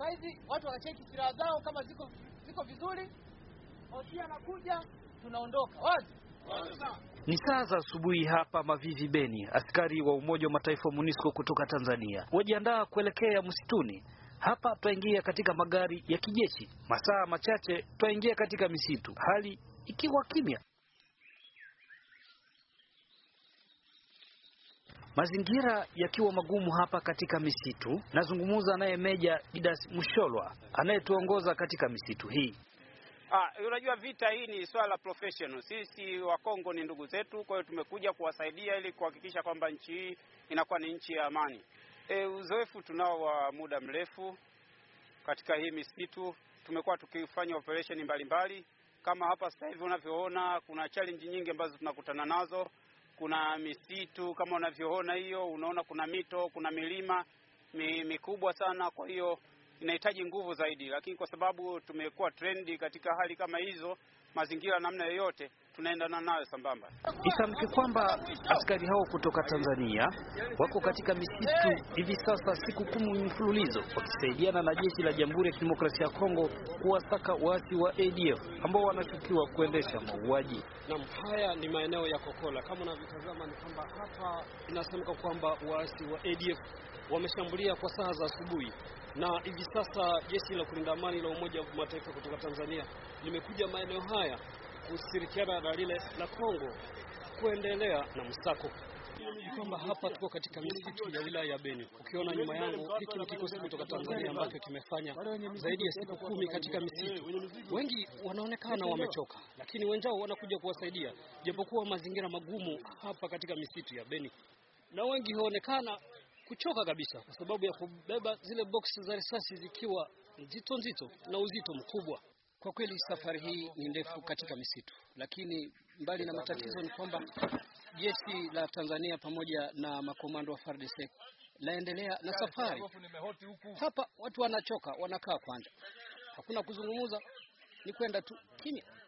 saa hizi watu wanacheki silaha zao kama ziko ziko vizuri, hosia anakuja, tunaondoka wazi ni saa za asubuhi hapa Mavivi, Beni. Askari wa Umoja wa Mataifa wa MONUSCO kutoka Tanzania wajiandaa kuelekea msituni. Hapa twaingia katika magari ya kijeshi, masaa machache twaingia katika misitu, hali ikiwa kimya. Mazingira yakiwa magumu hapa katika misitu, nazungumza naye Meja Didas Msholwa anayetuongoza katika misitu hii. Ah, unajua vita hii ni swala la professional. Sisi Wakongo ni ndugu zetu, kwa hiyo tumekuja kuwasaidia ili kuhakikisha kwamba nchi hii inakuwa ni nchi ya amani. E, uzoefu tunao wa muda mrefu katika hii misitu, tumekuwa tukifanya operesheni mbalimbali kama hapa sasa hivi unavyoona, kuna challenge nyingi ambazo tunakutana nazo kuna misitu kama unavyoona hiyo, unaona kuna mito, kuna milima mi, mikubwa sana. Kwa hiyo inahitaji nguvu zaidi, lakini kwa sababu tumekuwa trendi katika hali kama hizo, mazingira namna yoyote tunaendana nayo sambamba. Ifahamike kwamba askari hao kutoka Tanzania wako katika misitu hivi sasa siku kumi mfululizo wakisaidiana na jeshi la Jamhuri ya Kidemokrasia ya Kongo kuwasaka waasi wa ADF ambao wanashukiwa kuendesha mauaji. Naam, haya ni maeneo ya Kokola. Kama unavyotazama ni kwamba hapa inasemeka kwamba waasi wa ADF wameshambulia kwa saa za asubuhi na hivi sasa jeshi la kulinda amani la Umoja wa Mataifa kutoka Tanzania limekuja maeneo haya ushirikiano na lile la Kongo kuendelea na msako ni kwamba hapa tuko katika misitu ya wilaya ya Beni. Ukiona nyuma yangu, hiki ni kikosi kutoka Tanzania ambacho kimefanya zaidi ya siku kumi katika misitu. Wengi wanaonekana wamechoka, lakini wenzao wanakuja kuwasaidia, japokuwa mazingira magumu hapa katika misitu ya Beni, na wengi huonekana kuchoka kabisa kwa sababu ya kubeba zile boksi za risasi zikiwa nzito nzito na uzito mkubwa. Kwa kweli safari hii ni ndefu katika misitu, lakini mbali na matatizo ni kwamba jeshi la Tanzania pamoja na makomando wa FARDC laendelea na safari. Hapa watu wanachoka, wanakaa kwanza, hakuna kuzungumza, ni kwenda tu kimya.